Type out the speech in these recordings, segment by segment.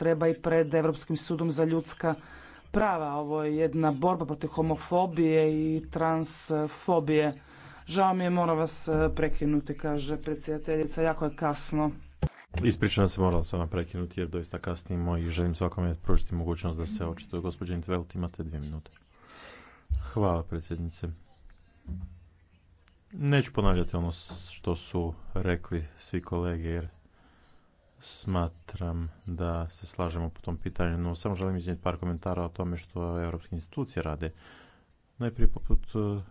treba i pred Europskim sudom za ljudska prava. Ovo je jedna borba protiv homofobije i transfobije. Žao mi je, moram vas e, prekinuti, kaže predsjedateljica, jako je kasno. Ispričavam se, morala sam vam prekinuti jer doista kasnimo i želim svakome pružiti mogućnost da se očituje. Gospođa Intvelt, imate dvije minute. Hvala, predsjednice. Neću ponavljati ono što su rekli svi kolege jer smatram da se slažemo po tom pitanju, no samo želim iznijeti par komentara o tome što europske institucije rade. Najprije poput e,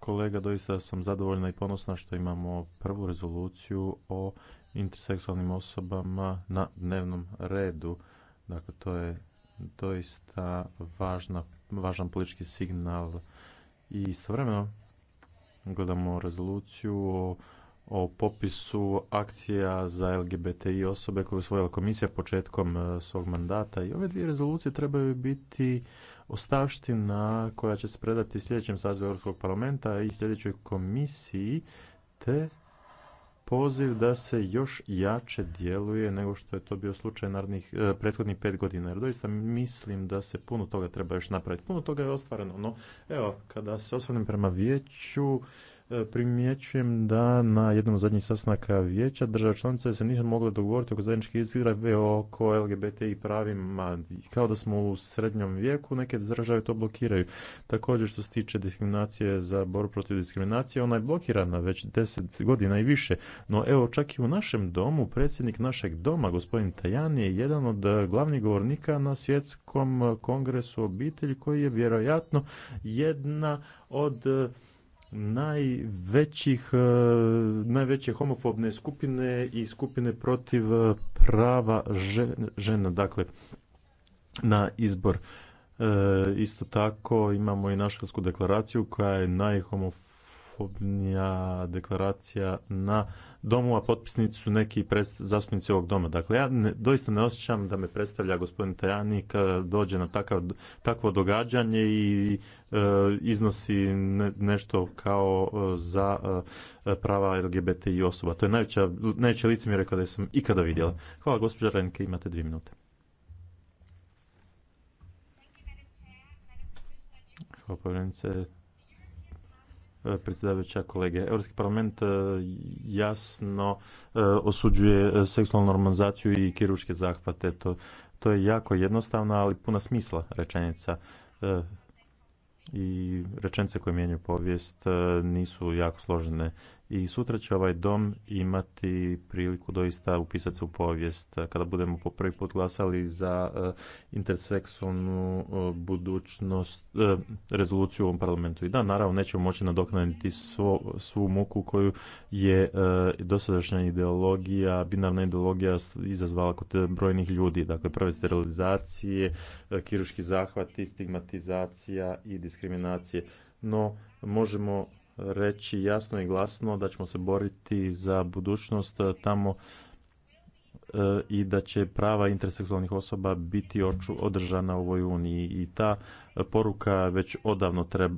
kolega doista sam zadovoljna i ponosna što imamo prvu rezoluciju o interseksualnim osobama na dnevnom redu. Dakle, to je doista važna, važan politički signal i istovremeno gledamo rezoluciju o o popisu akcija za LGBTI osobe koju je usvojila komisija početkom e, svog mandata i ove dvije rezolucije trebaju biti ostavština koja će se predati sljedećem sazivu Europskog parlamenta i sljedećoj komisiji te poziv da se još jače djeluje nego što je to bio slučaj narednih, e, prethodnih pet godina. Jer doista mislim da se puno toga treba još napraviti. Puno toga je ostvareno. No, evo, kada se osvrnem prema vijeću, primjećujem da na jednom zadnjih sastanaka vijeća država članice se nisu mogle dogovoriti oko zajedničke izgrave oko i pravima. Kao da smo u srednjom vijeku, neke države to blokiraju. Također što se tiče diskriminacije za borbu protiv diskriminacije, ona je blokirana već deset godina i više. No evo čak i u našem domu, predsjednik našeg doma, gospodin Tajani, je jedan od glavnih govornika na svjetskom kongresu obitelji koji je vjerojatno jedna od najvećih, e, najveće homofobne skupine i skupine protiv e, prava žena, dakle, na izbor. E, isto tako imamo i našelsku deklaraciju koja je najhomofobnija deklaracija na domu, a potpisnici su neki zastupnici ovog doma. Dakle, ja doista ne osjećam da me predstavlja gospodin Tajani kada dođe na takav, takvo događanje i e, iznosi ne, nešto kao e, za e, prava LGBTI osoba. To je najveća, je rekao da sam ikada vidjela. Hvala gospođa Renke, imate dvije minute. Hvala povjerenice predsjedavajuća kolege. Europski parlament e, jasno e, osuđuje e, seksualnu normalizaciju i kiruške zahvate. To, to je jako jednostavna, ali puna smisla rečenica i rečenice koje mijenjaju povijest nisu jako složene i sutra će ovaj dom imati priliku doista upisati se u povijest e, kada budemo po prvi put glasali za e, interseksualnu e, budućnost rezoluciju u ovom parlamentu. I da, naravno, nećemo moći nadoknaditi svo, svu muku koju je dosadašnja ideologija, binarna ideologija izazvala kod brojnih ljudi. Dakle, prve sterilizacije, kiruški zahvati, stigmatizacija i diskriminacije. No, možemo reći jasno i glasno da ćemo se boriti za budućnost tamo i da će prava interseksualnih osoba biti održana u ovoj uniji i ta poruka već odavno treba,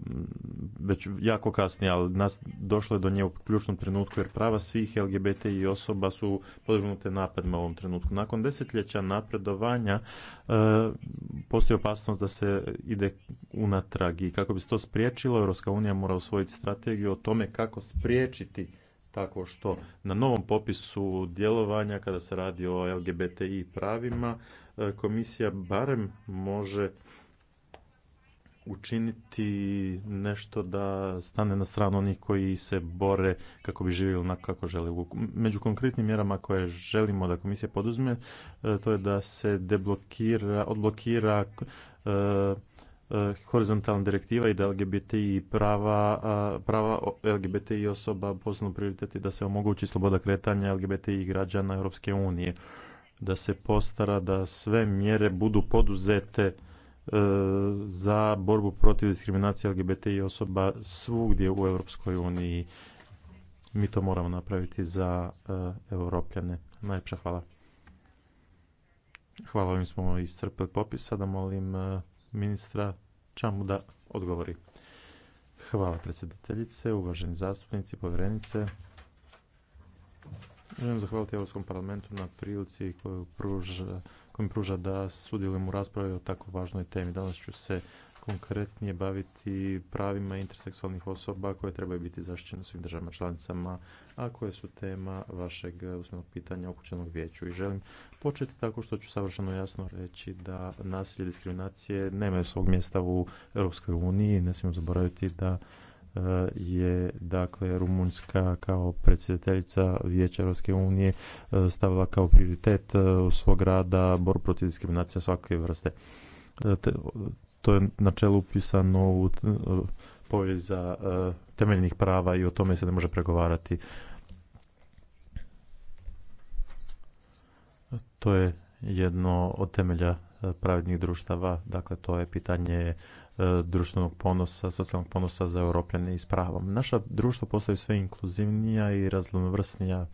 već jako kasnije, ali nas došlo je do nje u ključnom trenutku jer prava svih LGBT i osoba su podvrgnute napadima u ovom trenutku. Nakon desetljeća napredovanja e, postoji opasnost da se ide unatrag i kako bi se to spriječilo, Europska unija mora usvojiti strategiju o tome kako spriječiti tako što na novom popisu djelovanja kada se radi o LGBTI pravima e, komisija barem može učiniti nešto da stane na stranu onih koji se bore kako bi živjeli na kako žele. Među konkretnim mjerama koje želimo da komisija poduzme, e, to je da se deblokira, odblokira e, E, horizontalna direktiva i da LGBTI prava, prava LGBTI osoba posebno prioriteti da se omogući sloboda kretanja LGBTI građana Europske unije, da se postara da sve mjere budu poduzete e, za borbu protiv diskriminacije LGBT i osoba svugdje u Europskoj uniji. Mi to moramo napraviti za e, europljane. Najpša hvala. Hvala, ovim smo iscrpili popis. Sada molim ministra Čamu da odgovori. Hvala predsjedateljice, uvaženi zastupnici, povjerenice. Želim zahvaliti Europskom parlamentu na prilici koju pruža, kojim pruža da sudjelujem u raspravi o tako važnoj temi. Danas ću se konkretnije baviti pravima interseksualnih osoba koje trebaju biti zaštićene svim državama članicama, a koje su tema vašeg usmenog pitanja upućenog vijeću. I želim početi tako što ću savršeno jasno reći da nasilje diskriminacije nemaju svog mjesta u Europskoj uniji. Ne smijemo zaboraviti da eh, je dakle Rumunjska kao predsjedateljica Vijeća Europske unije eh, stavila kao prioritet eh, svog rada bor protiv diskriminacije svake vrste to je načelo upisano u uh, povijest za uh, temeljnih prava i o tome se ne može pregovarati. To je jedno od temelja uh, pravednih društava, dakle to je pitanje društvenog ponosa, socijalnog ponosa za europljane i s pravom. Naša društva postaju sve inkluzivnija i raznovrsnija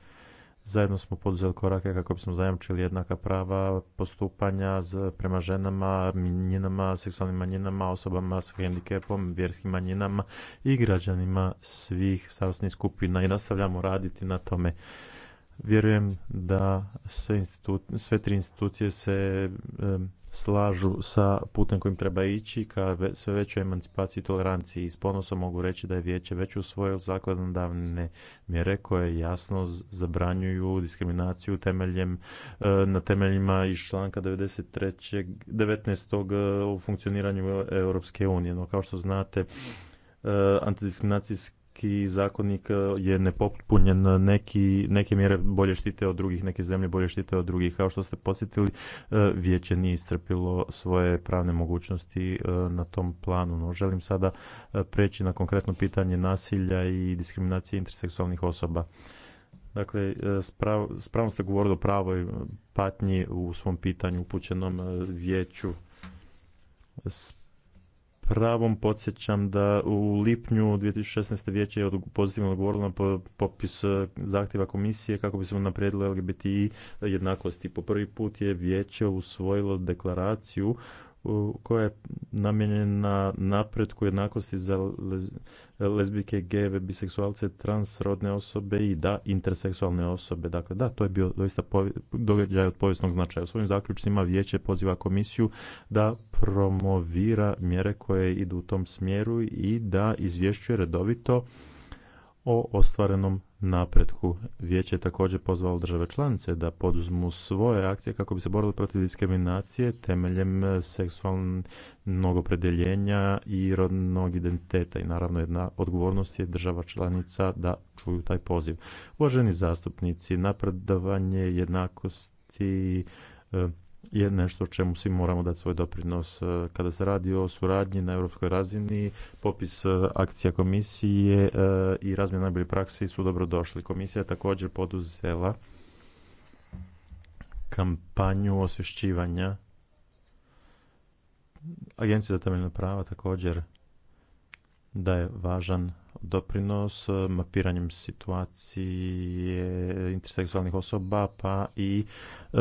Zajedno smo poduzeli korake kako bismo zajamčili jednaka prava postupanja prema ženama, manjinama, seksualnim manjinama, osobama s hendikepom, vjerskim manjinama i građanima svih starostnih skupina i nastavljamo raditi na tome. Vjerujem da sve, tri institucije se slažu sa putem kojim treba ići ka sve većoj emancipaciji i toleranciji. I s ponosom mogu reći da je vijeće već usvojilo zakonodavne mjere koje jasno zabranjuju diskriminaciju temeljem, e, na temeljima iz članka 93. 19. o funkcioniranju Europske unije. No, kao što znate, e, antidiskriminacijski neki zakonik e, je nepopunjen, neki, neke mjere bolje štite od drugih, neke zemlje bolje štite od drugih. Kao što ste posjetili, e, vijeće nije istrpilo svoje pravne mogućnosti e, na tom planu. No, želim sada preći na konkretno pitanje nasilja i diskriminacije interseksualnih osoba. Dakle, spravo ste govorili o pravoj patnji u svom pitanju upućenom vijeću pravom podsjećam da u lipnju 2016. vijeće je pozitivno odgovorilo na popis e, zahtjeva komisije kako bi se naprijedilo LGBTI jednakosti. Po prvi put je vijeće usvojilo deklaraciju koja je namijenjena napretku jednakosti za lezbijke, geve, biseksualce, transrodne osobe i da, interseksualne osobe. Dakle, da, to je bio doista događaj od povijesnog značaja. U svojim zaključcima vijeće poziva komisiju da promovira mjere koje idu u tom smjeru i da izvješćuje redovito o ostvarenom napretku. Vijeće je također pozvalo države članice da poduzmu svoje akcije kako bi se borili protiv diskriminacije temeljem e, seksualnog opredjeljenja i rodnog identiteta i naravno jedna odgovornost je država članica da čuju taj poziv. Uvaženi zastupnici, napredovanje jednakosti e, je nešto čemu svi moramo dati svoj doprinos. E, kada se radi o suradnji na europskoj razini, popis e, akcija komisije e, i razmjena najbolje praksi su dobro došli. Komisija je također poduzela kampanju osvješćivanja. Agencija za temeljna prava također da je važan doprinos e, mapiranjem situacije interseksualnih osoba pa i e,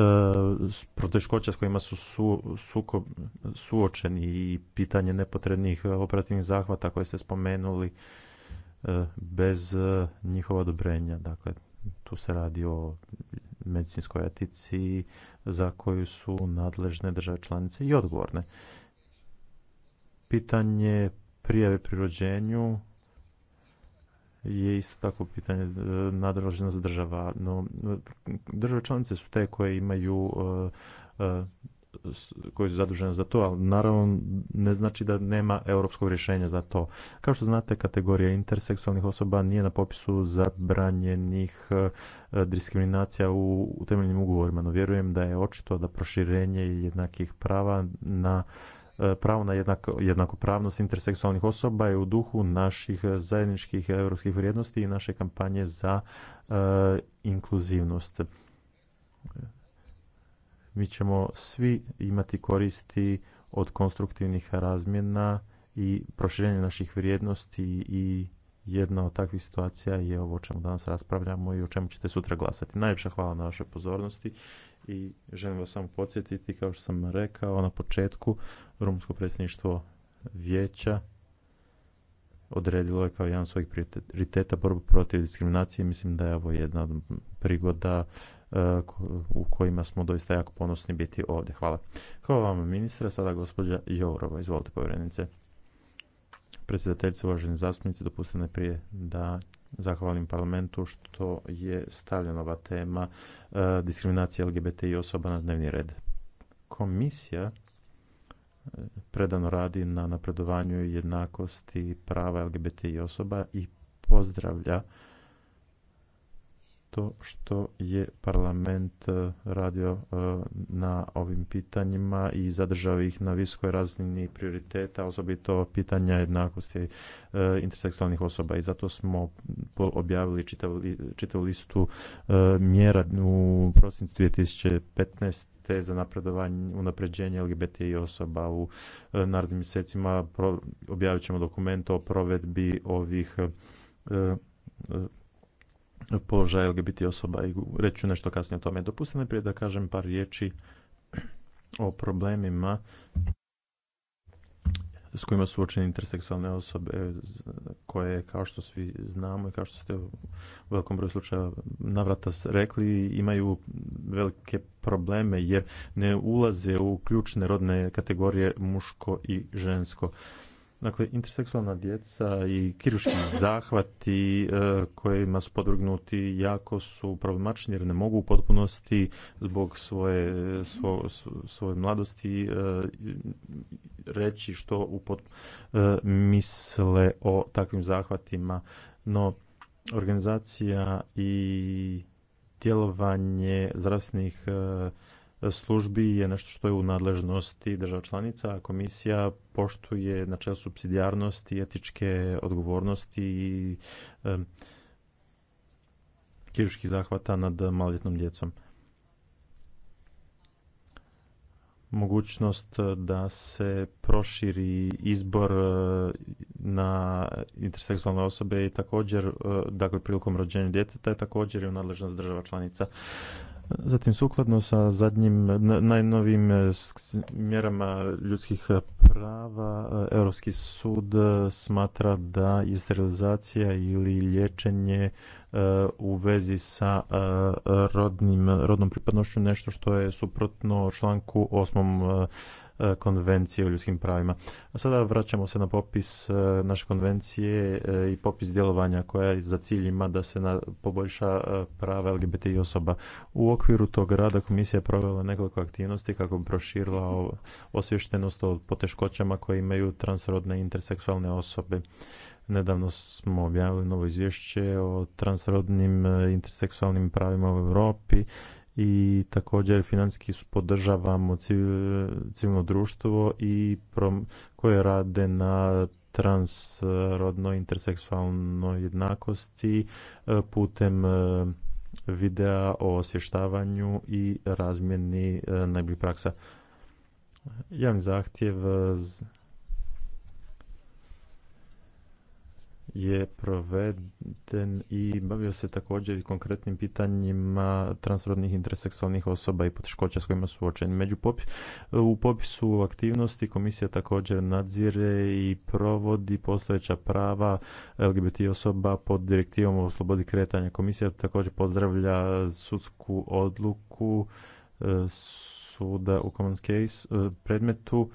proteškoća s kojima su su, suočeni i pitanje nepotrebnih operativnih zahvata koje ste spomenuli e, bez e, njihova odobrenja. Dakle, tu se radi o medicinskoj etici za koju su nadležne države članice i odgovorne. Pitanje prijave pri rođenju je isto tako pitanje e, nadležnost država. No, države članice su te koje imaju e, e, koji su zaduženi za to, ali naravno ne znači da nema europskog rješenja za to. Kao što znate, kategorija interseksualnih osoba nije na popisu zabranjenih diskriminacija u temeljnim ugovorima, no vjerujem da je očito da proširenje jednakih prava na E, pravo na jednako, jednakopravnost interseksualnih osoba je u duhu naših zajedničkih europskih vrijednosti i naše kampanje za e, inkluzivnost. Mi ćemo svi imati koristi od konstruktivnih razmjena i proširenja naših vrijednosti i jedna od takvih situacija je ovo o čemu danas raspravljamo i o čemu ćete sutra glasati. Najljepša hvala na vašoj pozornosti i želim vas samo podsjetiti, kao što sam rekao na početku, Rumsko predsjedništvo vijeća odredilo je kao jedan od svojih prioriteta borbu protiv diskriminacije. Mislim da je ovo jedna od prigoda e, u kojima smo doista jako ponosni biti ovdje. Hvala. Hvala vam ministra. Sada gospođa Jourova. Izvolite povjerenice predsjedateljice, uvaženi zastupnici, dopustite prije da zahvalim parlamentu što je stavljena ova tema e, diskriminacije LGBT i osoba na dnevni red. Komisija e, predano radi na napredovanju jednakosti prava LGBT i osoba i pozdravlja to što je parlament e, radio e, na ovim pitanjima i zadržao ih na visokoj razini prioriteta, osobito pitanja jednakosti e, interseksualnih osoba i zato smo objavili čitavu listu mjera u prosincu 2015 za napredovanje, unapređenje i osoba u narodnim mjesecima. Objavit ćemo dokument o provedbi ovih položaj LGBT osoba i reću nešto kasnije o tome. Dopustite najprije da kažem par riječi o problemima s kojima su uočene interseksualne osobe koje, kao što svi znamo i kao što ste u velikom broju slučajeva navrata rekli, imaju velike probleme jer ne ulaze u ključne rodne kategorije muško i žensko. Dakle, interseksualna djeca i kiruški zahvati e, kojima su podvrgnuti jako su problematični jer ne mogu u potpunosti zbog svoje, svoje mladosti e, reći što e, misle o takvim zahvatima. No, organizacija i djelovanje zdravstvenih službi je nešto što je u nadležnosti država članica, a komisija poštuje načel subsidijarnosti, etičke odgovornosti i e, zahvata nad maloljetnom djecom. mogućnost da se proširi izbor e, na interseksualne osobe i također, e, dakle, prilikom rođenja djeteta je također i u nadležnost država članica. Zatim, sukladno sa zadnjim, najnovim e, mjerama ljudskih e, prava, e, Europski sud smatra da je sterilizacija ili liječenje u vezi sa rodnim, rodnom pripadnošću nešto što je suprotno članku 8. E, konvencije o ljudskim pravima. A sada vraćamo se na popis e, naše konvencije e, i popis djelovanja koja za cilj ima da se na, poboljša prava LGBTI osoba. U okviru tog rada komisija je provela nekoliko aktivnosti kako bi proširila osvještenost o poteškoćama koje imaju transrodne i interseksualne osobe. Nedavno smo objavili novo izvješće o transrodnim interseksualnim pravima u Europi i također financijski podržavamo civilno društvo i prom, koje rade na transrodnoj interseksualnoj jednakosti e, putem e, videa o osještavanju i razmjeni e, najboljih praksa. Javni zahtjev je proveden i bavio se također i konkretnim pitanjima transrodnih interseksualnih osoba i poteškoća s kojima su uočeni. Među popi, u popisu aktivnosti komisija također nadzire i provodi postojeća prava LGBT osoba pod direktivom o slobodi kretanja. Komisija također pozdravlja sudsku odluku e, suda u common case e, predmetu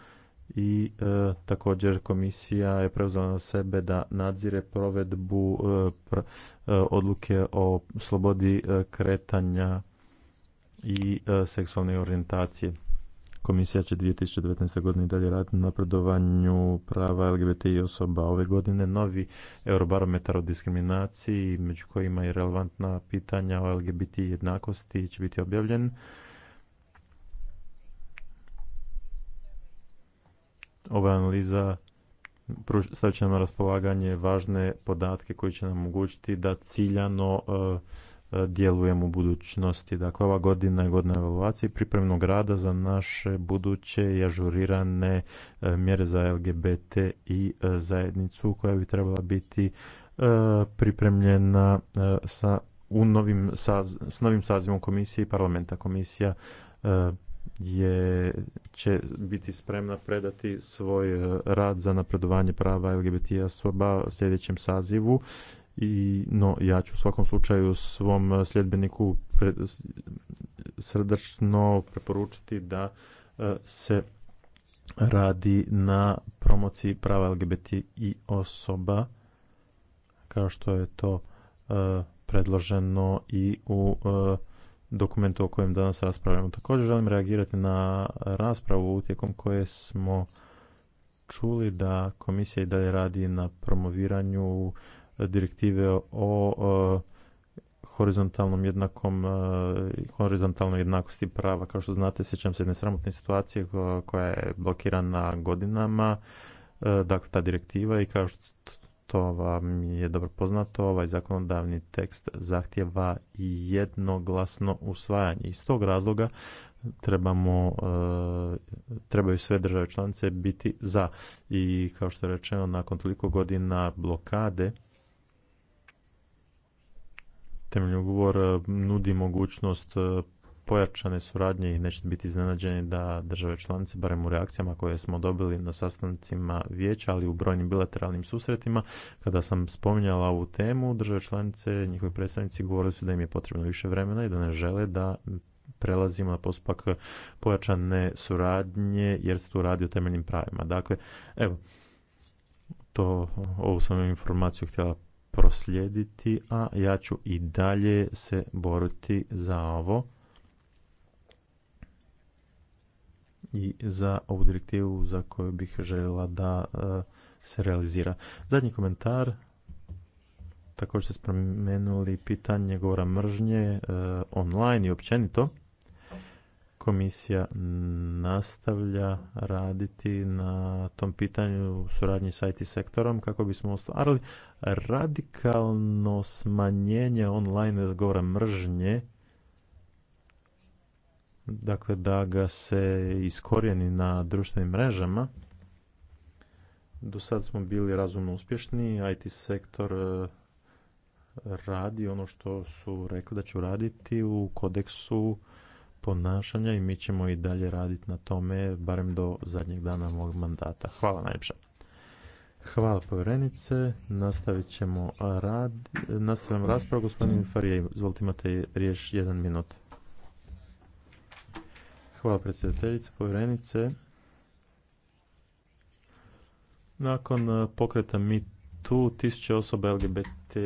i e, također komisija je preuzela na sebe da nadzire provedbu e, e, odluke o slobodi kretanja i seksualne orijentacije. Komisija će 2019. godine dalje raditi na napredovanju prava i osoba. Ove godine novi eurobarometar o diskriminaciji, među kojima je relevantna pitanja o LGBT jednakosti, će biti objavljen ova analiza stavit će nam na raspolaganje važne podatke koji će nam omogućiti da ciljano e, e, djelujemo u budućnosti. Dakle, ova godina je godina evaluacije pripremnog rada za naše buduće i ažurirane e, mjere za LGBT i zajednicu koja bi trebala biti pripremljena sa, novim, s novim sazivom komisije i parlamenta. Komisija je, će biti spremna predati svoj e, rad za napredovanje prava LGBT osoba sljedećem sazivu i no ja ću u svakom slučaju svom sljedbeniku pre, srdačno preporučiti da e, se radi na promociji prava LGBT i osoba kao što je to e, predloženo i u dokumentu o kojem danas raspravljamo. Također želim reagirati na raspravu tijekom koje smo čuli da komisija i dalje radi na promoviranju direktive o horizontalnom jednakom e, horizontalnoj jednakosti prava. Kao što znate, sjećam se jedne sramotne situacije koja je blokirana godinama, e, dakle ta direktiva i kao što to vam je dobro poznato, ovaj zakonodavni tekst zahtjeva jednoglasno usvajanje. Iz tog razloga trebamo, e, trebaju sve države članice biti za. I kao što je rečeno, nakon toliko godina blokade, temeljni ugovor e, nudi mogućnost e, pojačane suradnje i nećete biti iznenađeni da države članice, barem u reakcijama koje smo dobili na sastancima vijeća, ali u brojnim bilateralnim susretima, kada sam spominjala ovu temu, države članice, njihovi predstavnici govorili su da im je potrebno više vremena i da ne žele da prelazimo na postupak pojačane suradnje jer se tu radi o temeljnim pravima. Dakle, evo, to, ovu sam informaciju htjela proslijediti, a ja ću i dalje se boriti za ovo i za ovu direktivu za koju bih željela da e, se realizira. Zadnji komentar, također ste spomenuli pitanje govora mržnje e, online i općenito. Komisija nastavlja raditi na tom pitanju u suradnji sa IT sektorom kako bismo ostvarili radikalno smanjenje online govora mržnje dakle da ga se iskorijeni na društvenim mrežama. Do sad smo bili razumno uspješni, IT sektor e, radi ono što su rekli da ću raditi u kodeksu ponašanja i mi ćemo i dalje raditi na tome, barem do zadnjeg dana mog mandata. Hvala najljepša. Hvala povjerenice, nastavit ćemo rad, nastavljam raspravu, gospodin Farije, izvolite imate riješ jedan minut. Hvala predsjedateljice, povjerenice. Nakon e, pokreta mi tu tisuće osoba LGBT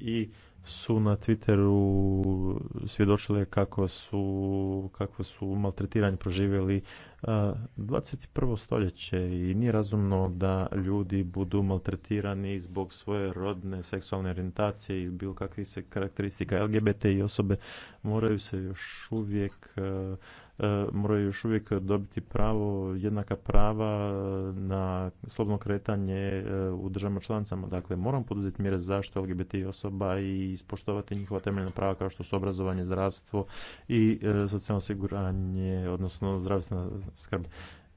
i su na Twitteru svjedočile kako su, kako su maltretiranje proživjeli 21. E, stoljeće i nije razumno da ljudi budu maltretirani zbog svoje rodne seksualne orijentacije i bilo kakvih se karakteristika LGBT i osobe moraju se još uvijek e, E, moraju još uvijek dobiti pravo, jednaka prava na slobno kretanje e, u državama članicama. Dakle, moram poduzeti mjere zaštitu LGBT osoba i ispoštovati njihova temeljna prava kao što su obrazovanje, zdravstvo i e, socijalno osiguranje, odnosno zdravstvena skrb.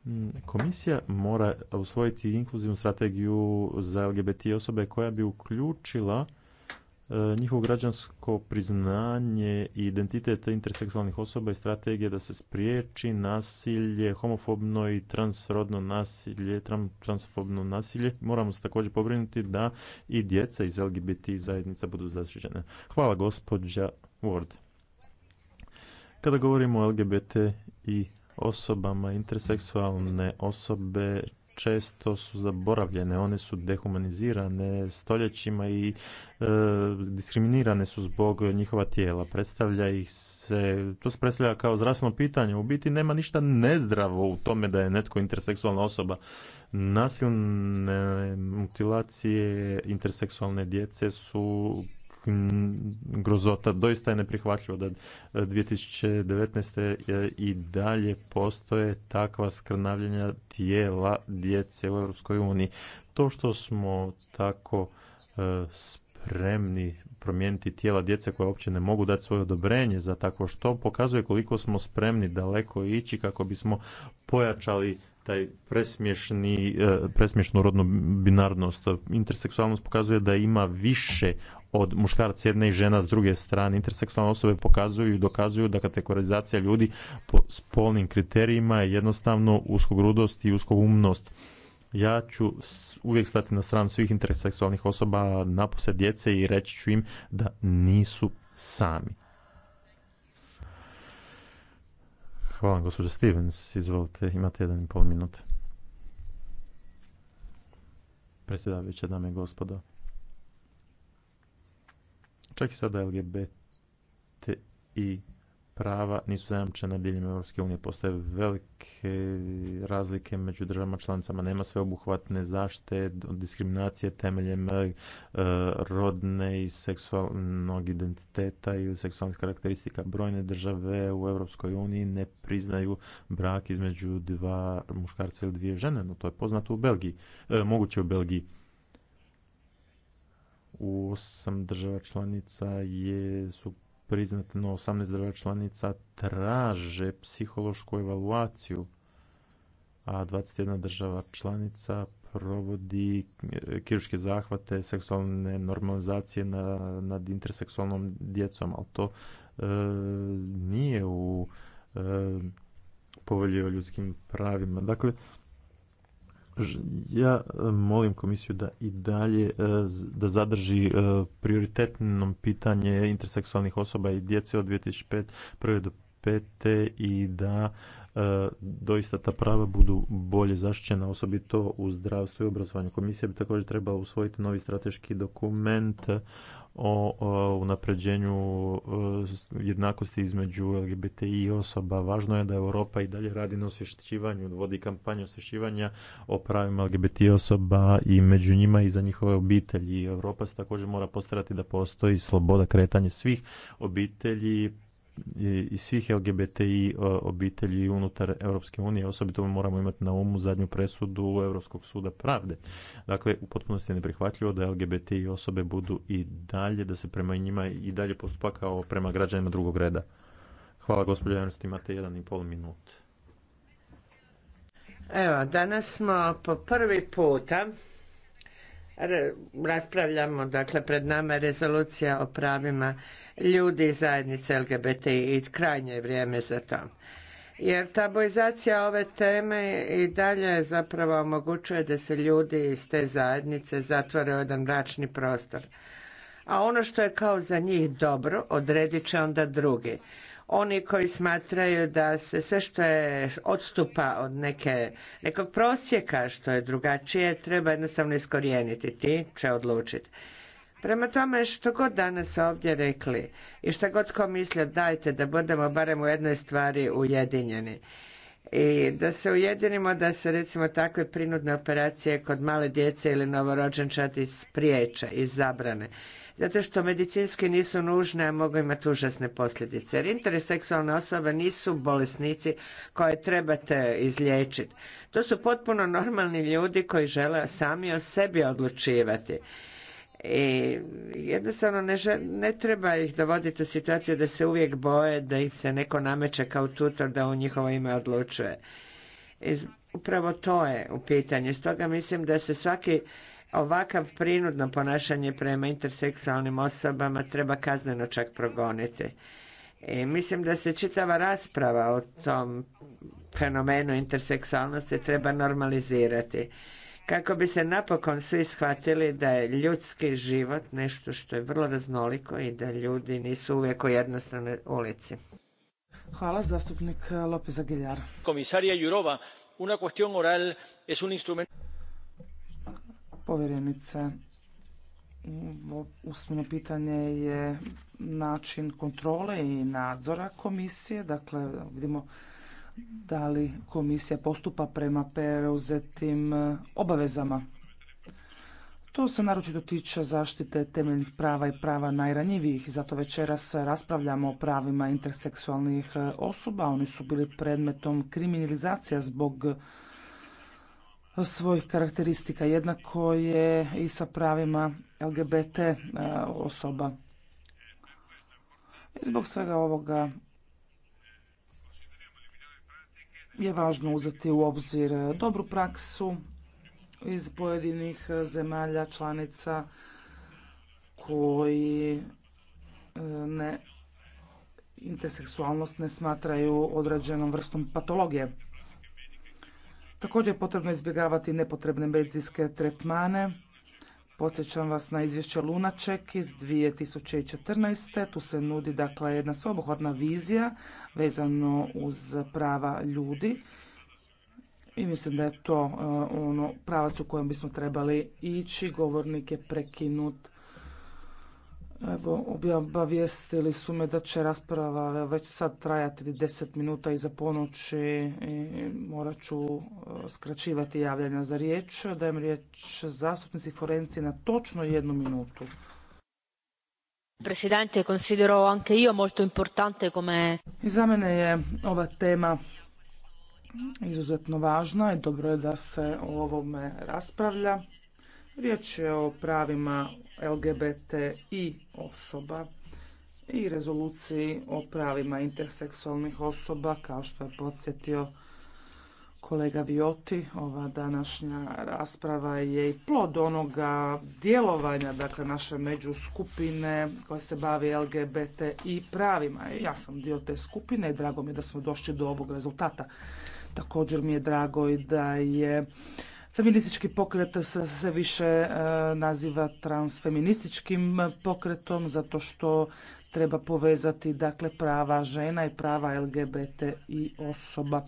Mm, komisija mora usvojiti inkluzivnu strategiju za LGBT osobe koja bi uključila E, njihovo građansko priznanje i identitet interseksualnih osoba i strategije da se spriječi nasilje, homofobno i transrodno nasilje, transfobno nasilje. Moramo se također pobrinuti da i djeca iz LGBT zajednica budu zaštićene. Hvala gospođa Ward. Kada govorimo o LGBT i osobama, interseksualne osobe često su zaboravljene, one su dehumanizirane stoljećima i e, diskriminirane su zbog njihova tijela. Predstavlja ih se, to se predstavlja kao zdravstveno pitanje. U biti nema ništa nezdravo u tome da je netko interseksualna osoba. Nasilne mutilacije interseksualne djece su grozota. Doista je neprihvatljivo da 2019. E, i dalje postoje takva skrnavljenja tijela djece u Europskoj uniji. To što smo tako e, spremni promijeniti tijela djece koje uopće ne mogu dati svoje odobrenje za takvo što pokazuje koliko smo spremni daleko ići kako bismo pojačali taj presmješni, e, presmješnu rodnu binarnost. Interseksualnost pokazuje da ima više od muškarac jedne i žena s druge strane. Interseksualne osobe pokazuju i dokazuju da kategorizacija ljudi po spolnim kriterijima je jednostavno uskogrudost i uskogumnost. Ja ću uvijek stati na stranu svih interseksualnih osoba napose djece i reći ću im da nisu sami. Hvala, gospođa Stevens. Izvolite, imate jedan i pol minut. Predsjedavajuća, dame i gospodo. Čak i sada LGBT i prava nisu zajamčena diljem Europske unije. Postoje velike razlike među državama članicama. Nema sveobuhvatne zaštite od diskriminacije temeljem e, rodne i seksualnog identiteta ili seksualnih karakteristika. Brojne države u Europskoj uniji ne priznaju brak između dva muškarca ili dvije žene. No to je poznato u Belgiji. E, moguće u Belgiji u osam država članica je, su priznate, no 18 država članica traže psihološku evaluaciju, a 21 država članica provodi kiruške zahvate, seksualne normalizacije nad interseksualnom djecom, ali to e, nije u e, ljudskim pravima. Dakle, ja e, molim komisiju da i dalje e, da zadrži e, prioritetno pitanje interseksualnih osoba i djece od 2005. do štete i da e, doista ta prava budu bolje zaštićena, osobito u zdravstvu i obrazovanju. Komisija bi također trebala usvojiti novi strateški dokument o, o unapređenju e, jednakosti između LGBTI osoba. Važno je da Europa i dalje radi na osvješćivanju, vodi kampanju osvješćivanja o pravima LGBTI osoba i među njima i za njihove obitelji. Europa se također mora postarati da postoji sloboda kretanja svih obitelji, i svih LGBTI obitelji unutar Europske unije, osobito moramo imati na umu zadnju presudu Europskog suda pravde. Dakle, u potpunosti je neprihvatljivo da LGBTI osobe budu i dalje, da se prema njima i dalje postupa kao prema građanima drugog reda. Hvala gospođo imate jedan i pol minut. Evo, danas smo po prvi puta raspravljamo, dakle pred nama je rezolucija o pravima ljudi i zajednice LGBT i krajnje je vrijeme za to. Jer tabuizacija ove teme i dalje zapravo omogućuje da se ljudi iz te zajednice zatvore u jedan mračni prostor. A ono što je kao za njih dobro, odredit će onda drugi oni koji smatraju da se sve što je odstupa od neke, nekog prosjeka što je drugačije treba jednostavno iskorijeniti, ti će odlučiti. Prema tome, što god danas ovdje rekli i što god ko mislio, dajte da budemo barem u jednoj stvari ujedinjeni. I da se ujedinimo da se recimo takve prinudne operacije kod male djece ili novorođenčadi spriječe i zabrane zato što medicinski nisu nužne, a mogu imati užasne posljedice. Jer interseksualne osobe nisu bolesnici koje trebate izliječiti. To su potpuno normalni ljudi koji žele sami o sebi odlučivati. I jednostavno ne, ne treba ih dovoditi u situaciju da se uvijek boje da ih se neko nameće kao tutor da u njihovo ime odlučuje. I upravo to je u pitanju. Stoga mislim da se svaki ovakav prinudno ponašanje prema interseksualnim osobama treba kazneno čak progoniti. I mislim da se čitava rasprava o tom fenomenu interseksualnosti treba normalizirati kako bi se napokon svi shvatili da je ljudski život nešto što je vrlo raznoliko i da ljudi nisu uvijek u jednostavnoj ulici. Hvala, zastupnik Lopez Aguilar. Komisarija Jurova, una cuestión oral es un povjerenice. Usmeno pitanje je način kontrole i nadzora komisije. Dakle, vidimo da li komisija postupa prema preuzetim e, obavezama. To se naročito tiče zaštite temeljnih prava i prava najranjivijih. Zato večeras raspravljamo o pravima interseksualnih e, osoba. Oni su bili predmetom kriminalizacija zbog svojih karakteristika. Jednako je i sa pravima LGBT e, osoba. I zbog svega ovoga je važno uzeti u obzir dobru praksu iz pojedinih zemalja članica koji e, ne interseksualnost ne smatraju određenom vrstom patologije. Također je potrebno izbjegavati nepotrebne medicinske tretmane. Podsjećam vas na izvješće Lunaček iz 2014. Tu se nudi dakle jedna svobohodna vizija vezano uz prava ljudi i mislim da je to eh, ono pravac u kojem bismo trebali ići. Govornik je prekinut. Evo, obavijestili su me da će rasprava već sad trajati 10 minuta iza ponoći i morat ću e, skraćivati javljanja za riječ. Dajem riječ zastupnici Forenci na točno jednu minutu. Presidente, considero anche io molto importante come... I za mene je ova tema izuzetno važna i dobro je da se o ovome raspravlja. Riječ je o pravima LGBT i osoba i rezoluciji o pravima interseksualnih osoba, kao što je podsjetio kolega Vioti, ova današnja rasprava je i plod onoga djelovanja, dakle naše međuskupine koja se bavi LGBT i pravima. Ja sam dio te skupine i drago mi je da smo došli do ovog rezultata. Također mi je drago i da je Feministički pokret se više e, naziva transfeminističkim pokretom zato što treba povezati dakle prava žena i prava LGBT i osoba.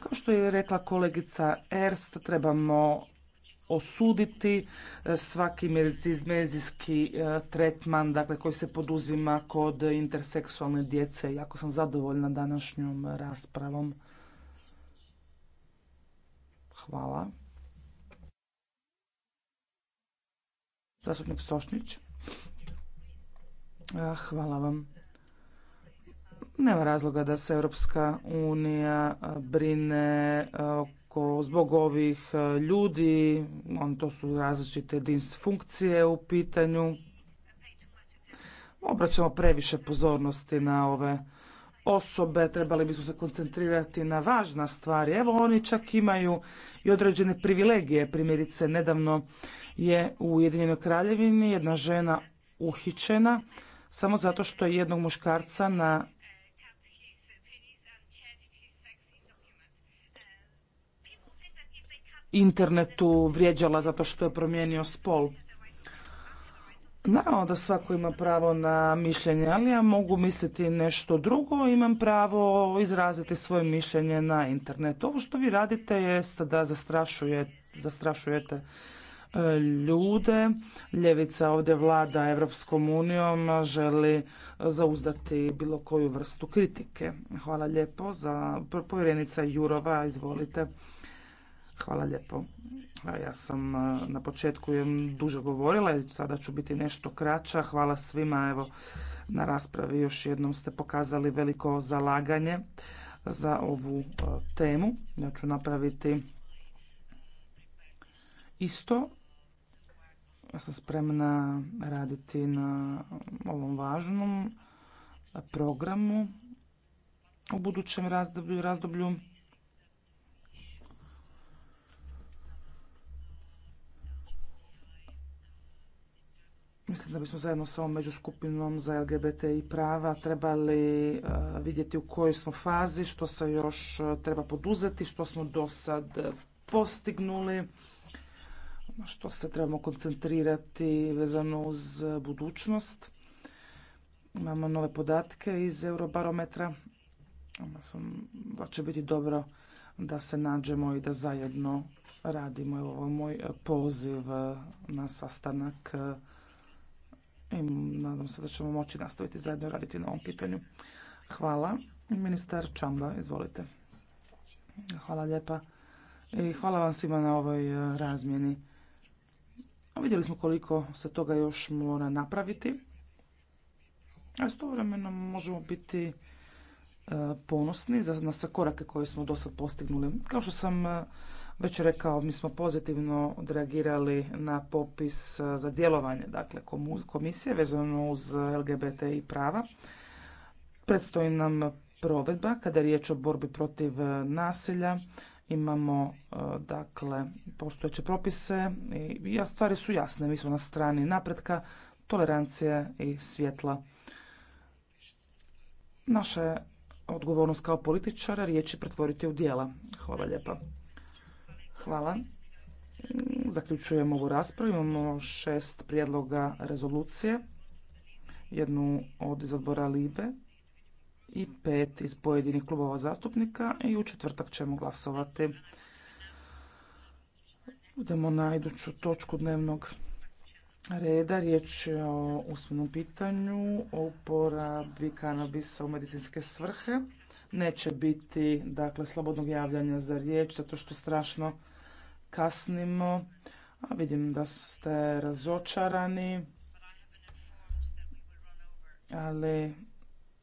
Kao što je rekla kolegica Erst, trebamo osuditi e, svaki medicinski e, tretman dakle, koji se poduzima kod interseksualne djece. Jako sam zadovoljna današnjom raspravom. Hvala. Zastupnik Sošnić. Hvala vam. Nema razloga da se Europska unija brine oko, zbog ovih ljudi. On, to su različite disfunkcije u pitanju. Obraćamo previše pozornosti na ove osobe, trebali bismo se koncentrirati na važna stvari. Evo oni čak imaju i određene privilegije, primjerice nedavno je u Ujedinjenoj kraljevini jedna žena uhičena samo zato što je jednog muškarca na internetu vrijeđala zato što je promijenio spol. Naravno da svako ima pravo na mišljenje, ali ja mogu misliti nešto drugo, imam pravo izraziti svoje mišljenje na internetu. Ovo što vi radite jeste da zastrašujete, zastrašujete E, ljude. Ljevica ovdje vlada Evropskom unijom, želi zauzdati bilo koju vrstu kritike. Hvala lijepo za povjerenica Jurova, izvolite. Hvala lijepo. Ja sam e, na početku duže govorila i sada ću biti nešto kraća. Hvala svima evo na raspravi. Još jednom ste pokazali veliko zalaganje za ovu e, temu. Ja ću napraviti isto ja sam spremna raditi na ovom važnom programu u budućem razdoblju, razdoblju Mislim da bismo zajedno sa ovom međuskupinom za i prava trebali e, vidjeti u kojoj smo fazi, što se još e, treba poduzeti, što smo do sad e, postignuli na što se trebamo koncentrirati vezano uz budućnost. Imamo nove podatke iz Eurobarometra. Sam da će biti dobro da se nađemo i da zajedno radimo. Evo ovo moj poziv na sastanak nadam se da ćemo moći nastaviti zajedno raditi na ovom pitanju. Hvala. Ministar Čamba, izvolite. Hvala lijepa. I hvala vam svima na ovoj eh, razmjeni. Vidjeli smo koliko se toga još mora napraviti. A istovremeno možemo biti e, ponosni na sve korake koje smo do sad postignuli. Kao što sam e, već rekao, mi smo pozitivno odreagirali na popis e, za djelovanje dakle, komisije vezano uz LGBT i prava. Predstoji nam provedba kada je riječ o borbi protiv nasilja, imamo e, dakle postojeće propise i stvari su jasne. Mi smo na strani napretka, tolerancije i svjetla. Naša je odgovornost kao političara riječi pretvoriti u dijela. Hvala lijepa. Hvala. Zaključujemo ovu raspravu. Imamo šest prijedloga rezolucije. Jednu od iz Libe i pet iz pojedinih klubova zastupnika i u četvrtak ćemo glasovati. Idemo na iduću točku dnevnog reda. Riječ je o usmenom pitanju o uporabi kanabisa u medicinske svrhe. Neće biti dakle, slobodnog javljanja za riječ zato što strašno kasnimo. vidim da ste razočarani, ali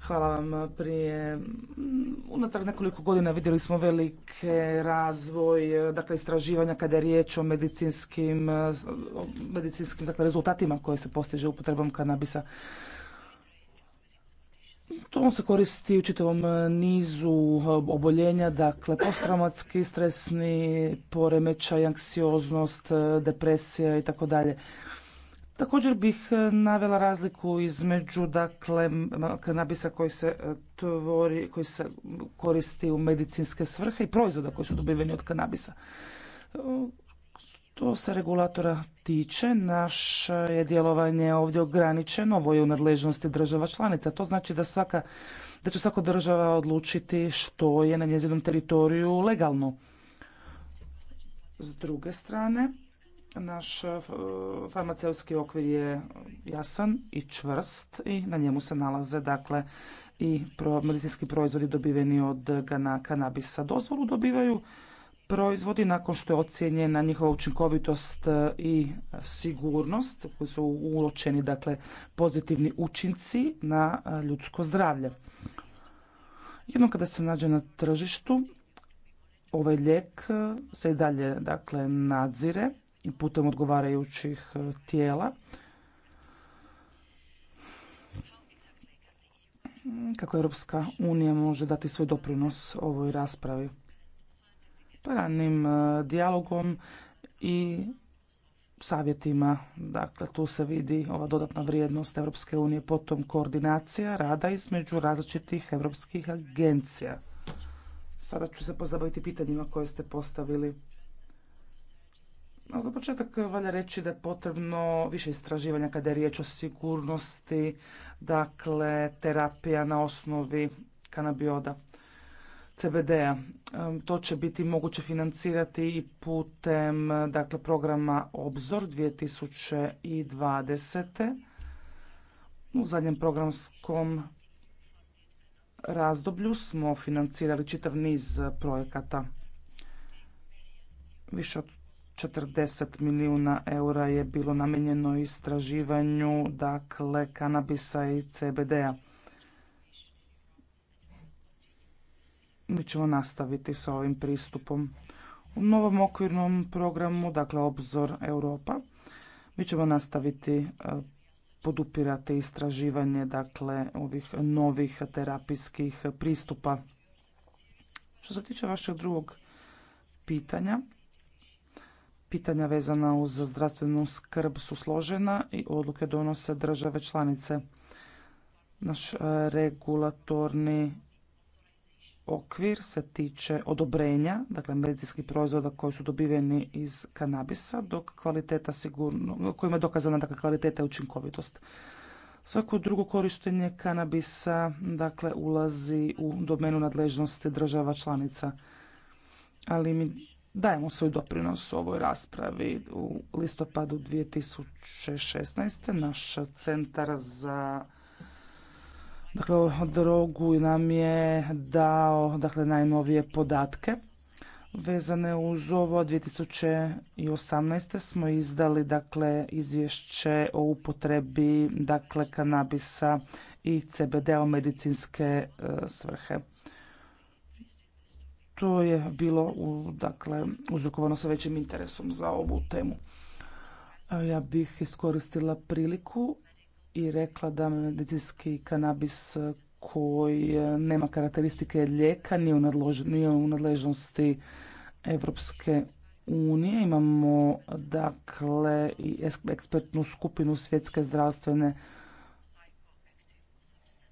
Hvala vam. Prije, mm, unatrag nekoliko godina vidjeli smo velik razvoj, dakle istraživanja kada je riječ o medicinskim, medicinskim dakle, rezultatima koje se postižu upotrebom kanabisa. To on se koristi u čitavom nizu oboljenja, dakle posttraumatski, stresni poremećaj, anksioznost, depresija i tako dalje. Također bih e, navela razliku između dakle kanabisa koji se e, tvori, koji se koristi u medicinske svrhe i proizvoda koji su dobiveni od kanabisa. To se regulatora tiče, naše je djelovanje ovdje ograničeno, ovo je u nadležnosti država članica. To znači da, svaka, da će svaka država odlučiti što je na njezinom teritoriju legalno. S druge strane, naš e, farmaceutski okvir je jasan i čvrst i na njemu se nalaze dakle i medicinski proizvodi dobiveni od kanabisa. Dozvolu dobivaju proizvodi nakon što je ocjenjena njihova učinkovitost e, i sigurnost, koji su uočeni dakle pozitivni učinci na e, ljudsko zdravlje. Jednom kada se nađe na tržištu, ovaj lijek se i dalje dakle nadzire putem odgovarajućih e, tijela. Kako Europska unija može dati svoj doprinos ovoj raspravi? Pa ranim e, dijalogom i savjetima. Dakle, tu se vidi ova dodatna vrijednost Europske unije, potom koordinacija rada između različitih europskih agencija. Sada ću se pozabaviti pitanjima koje ste postavili. A za početak valja reći da je potrebno više istraživanja kada je riječ o sigurnosti, dakle terapija na osnovi kanabioda, CBD-a. To će biti moguće financirati i putem dakle, programa Obzor 2020. U zadnjem programskom razdoblju smo financirali čitav niz projekata. Više od 40 milijuna eura je bilo namijenjeno istraživanju dakle kanabisa i CBD-a. Mi ćemo nastaviti s ovim pristupom. U novom okvirnom programu, dakle Obzor Europa, mi ćemo nastaviti e, podupirati istraživanje dakle ovih novih terapijskih pristupa. Što se tiče vašeg drugog pitanja, pitanja vezana uz zdravstvenu skrb su složena i odluke donose države članice. Naš e, regulatorni okvir se tiče odobrenja, dakle medicinskih proizvoda koji su dobiveni iz kanabisa, dok kvaliteta sigurno, kojima je dokazana dakle, kvaliteta i učinkovitost. Svako drugo korištenje kanabisa dakle, ulazi u domenu nadležnosti država članica. Ali mi dajemo svoj doprinos ovoj raspravi. U listopadu 2016. naš centar za dakle, drogu nam je dao dakle, najnovije podatke vezane uz ovo. 2018. smo izdali dakle, izvješće o upotrebi dakle, kanabisa i CBD u medicinske e, svrhe to je bilo u, dakle, uzrokovano sa većim interesom za ovu temu. Ja bih iskoristila priliku i rekla da medicinski kanabis koji nema karakteristike lijeka nije u, u nadležnosti Evropske unije. Imamo dakle i ekspertnu skupinu Svjetske zdravstvene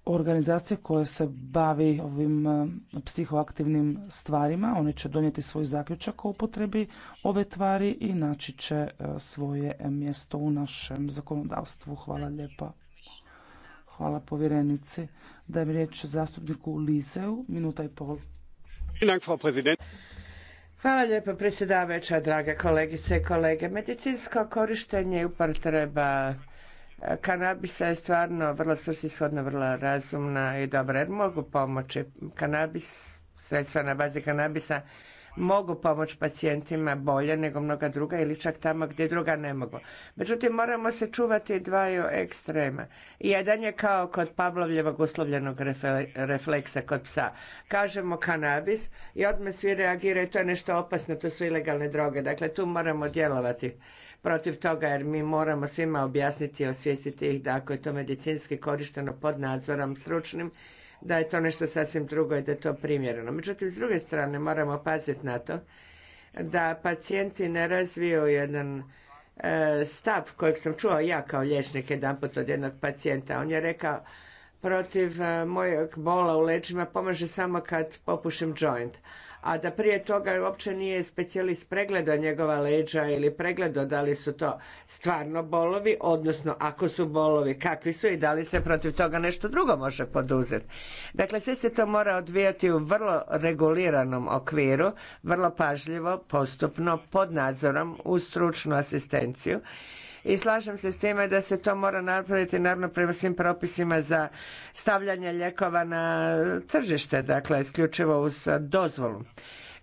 organizacije koja se bavi ovim e, psihoaktivnim stvarima. Oni će donijeti svoj zaključak o upotrebi ove tvari i naći će e, svoje mjesto u našem zakonodavstvu. Hvala lijepa. Hvala povjerenici. Dajem riječ zastupniku Lizeu. Minuta i pol. Hvala lijepo predsjedavajuća, drage kolegice i kolege. Medicinsko korištenje i upotreba kanabisa je stvarno vrlo svrsishodna, vrlo razumna i dobra jer mogu pomoći. Kanabis, sredstva na bazi kanabisa mogu pomoći pacijentima bolje nego mnoga druga ili čak tamo gdje druga ne mogu. Međutim, moramo se čuvati dvaju ekstrema. Jedan je kao kod Pavlovljevog uslovljenog refleksa kod psa. Kažemo kanabis i odmah svi reagiraju, to je nešto opasno, to su ilegalne droge. Dakle, tu moramo djelovati protiv toga jer mi moramo svima objasniti i osvijestiti ih da ako je to medicinski korišteno pod nadzorom stručnim, da je to nešto sasvim drugo i da je to primjereno. Međutim, s druge strane moramo paziti na to da pacijenti ne razviju jedan e, stav kojeg sam čuo ja kao liječnik jedanput od jednog pacijenta. On je rekao protiv e, mojeg bola u leđima pomaže samo kad popušim joint. A da prije toga uopće nije specijalist pregledao njegova leđa ili pregledao da li su to stvarno bolovi, odnosno ako su bolovi, kakvi su i da li se protiv toga nešto drugo može poduzeti. Dakle, sve se to mora odvijati u vrlo reguliranom okviru, vrlo pažljivo, postupno, pod nadzorom, uz stručnu asistenciju i slažem se s time da se to mora napraviti naravno prema svim propisima za stavljanje lijekova na tržište, dakle isključivo uz dozvolu.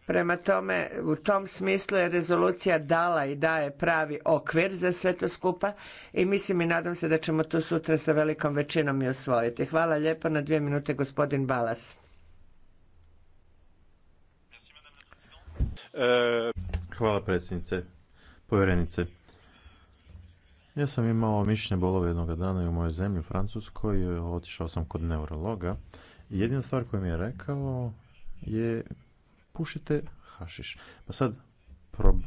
Prema tome, u tom smislu je rezolucija dala i daje pravi okvir za sve to skupa i mislim i nadam se da ćemo to sutra sa velikom većinom i osvojiti. Hvala lijepo na dvije minute gospodin Balas. predsjednice, povjerenice. Ja sam imao mišićne bolove jednog dana i u mojoj zemlji, u Francuskoj, otišao sam kod neurologa. i Jedina stvar koju mi je rekao je pušite hašiš. Pa sad,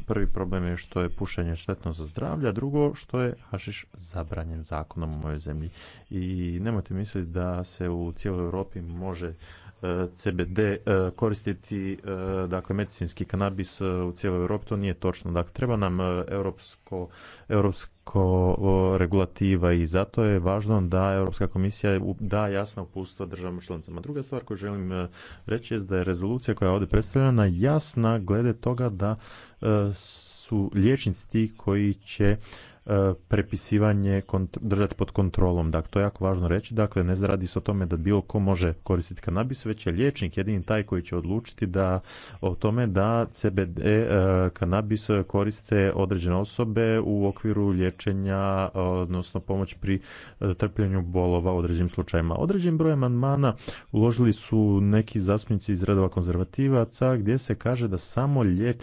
prvi problem je što je pušenje štetno za zdravlje, a drugo što je hašiš zabranjen zakonom u mojoj zemlji. I nemojte misliti da se u cijeloj Europi može CBD e, koristiti e, dakle medicinski kanabis e, u cijeloj Europi to nije točno. Dakle treba nam europsko europsko regulativa i zato je važno da Europska komisija da jasna uputstva državama članicama. Druga stvar koju želim reći je da je rezolucija koja je ovdje predstavljena jasna glede toga da su liječnici ti koji će E, prepisivanje držati pod kontrolom. Dakle, to je jako važno reći. Dakle, ne radi se o tome da bilo ko može koristiti kanabis, već je liječnik jedini taj koji će odlučiti da o tome da CBD e, kanabis koriste određene osobe u okviru liječenja, odnosno pomoć pri e, trpljenju bolova u određenim slučajima. Određen broj amandmana uložili su neki zastupnici iz redova konzervativaca gdje se kaže da samo lijek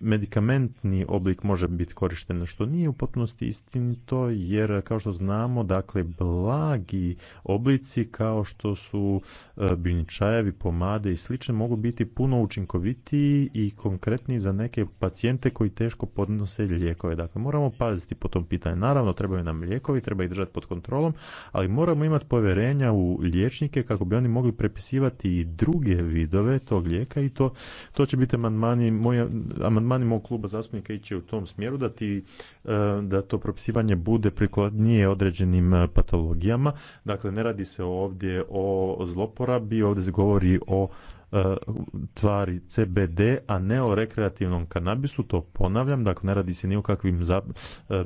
medikamentni oblik može biti korišten, što nije u potpunosti istinito jer kao što znamo dakle blagi oblici kao što su e, biljni pomade i slične mogu biti puno učinkovitiji i konkretniji za neke pacijente koji teško podnose lijekove. Dakle moramo paziti po tom pitanju. Naravno trebaju nam lijekovi, treba ih držati pod kontrolom, ali moramo imati povjerenja u liječnike kako bi oni mogli prepisivati i druge vidove tog lijeka i to, to će biti amandmani, moje, amandmani mog kluba zastupnika ići u tom smjeru dati e, da to propisivanje bude prikladnije određenim e, patologijama. Dakle, ne radi se ovdje o zloporabi, ovdje se govori o e, tvari CBD, a ne o rekreativnom kanabisu, to ponavljam, dakle ne radi se ni o kakvim e,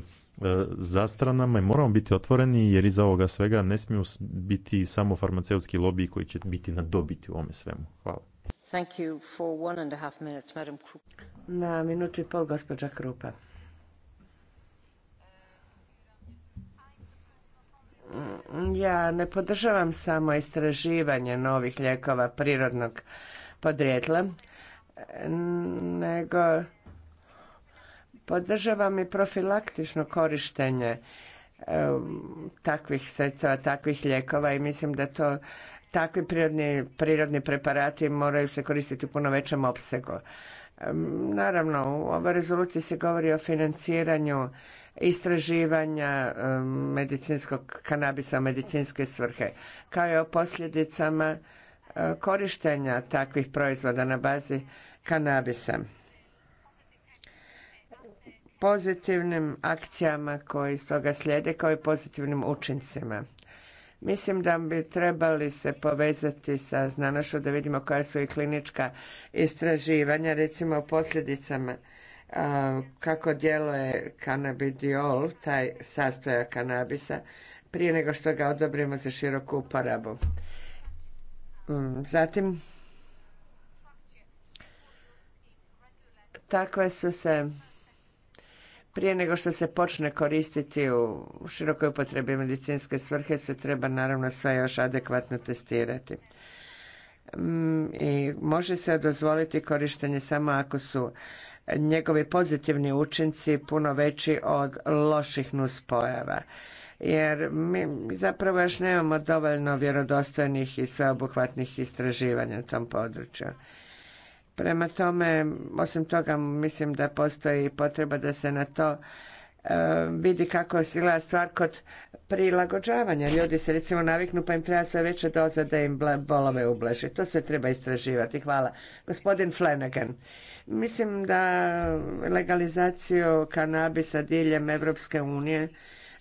zastranama i moramo biti otvoreni jer iza ovoga svega ne smiju biti samo farmaceutski lobiji koji će biti na dobiti u ovome svemu. Hvala. Thank you for one and a half minutes, Madam Na minutu i pol, gospođa Krupa. Ja ne podržavam samo istraživanje novih lijekova prirodnog podrijetla, nego podržavam i profilaktično korištenje takvih sredstava, takvih lijekova i mislim da to takvi prirodni, prirodni preparati moraju se koristiti u puno većem opsegu. Naravno, u ovoj rezoluciji se govori o financiranju istraživanja medicinskog kanabisa u medicinske svrhe, kao i o posljedicama eh, korištenja takvih proizvoda na bazi kanabisa. Pozitivnim akcijama koje iz toga slijede, kao i pozitivnim učincima. Mislim da bi trebali se povezati sa znanošću da vidimo koja su i klinička istraživanja, recimo o posljedicama kako djeluje kanabidiol, taj sastojak kanabisa, prije nego što ga odobrimo za široku uporabu. Mm, zatim, takve su se prije nego što se počne koristiti u širokoj upotrebi medicinske svrhe se treba naravno sve još adekvatno testirati. Mm, I može se dozvoliti korištenje samo ako su njegovi pozitivni učinci puno veći od loših nuspojava. Jer mi zapravo još nemamo dovoljno vjerodostojnih i sveobuhvatnih istraživanja na tom području. Prema tome, osim toga, mislim da postoji potreba da se na to e, vidi kako sila stvar kod prilagođavanja. Ljudi se recimo naviknu pa im treba sve veća doza da im bolove ublaži To se treba istraživati. Hvala. Gospodin Flanagan. Mislim da legalizaciju kanabisa diljem Evropske unije